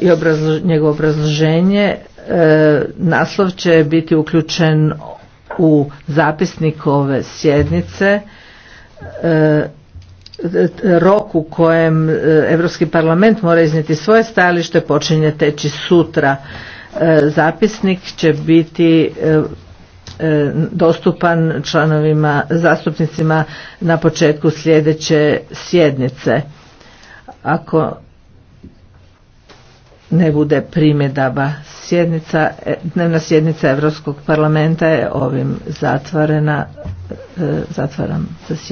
i njegovo obrazloženje e, naslov će biti uključen u zapisnik ove sjednice e, rok u kojem Europski parlament mora iznijeti svoje stajalište počinje teći sutra e, zapisnik će biti dostupan članovima zastupnicima na početku sljedeće sjednice ako ne bude primjedaba. Sjednica, e, dnevna sjednica Europskog parlamenta je ovim zatvorena. E, zatvaram za sjednicu.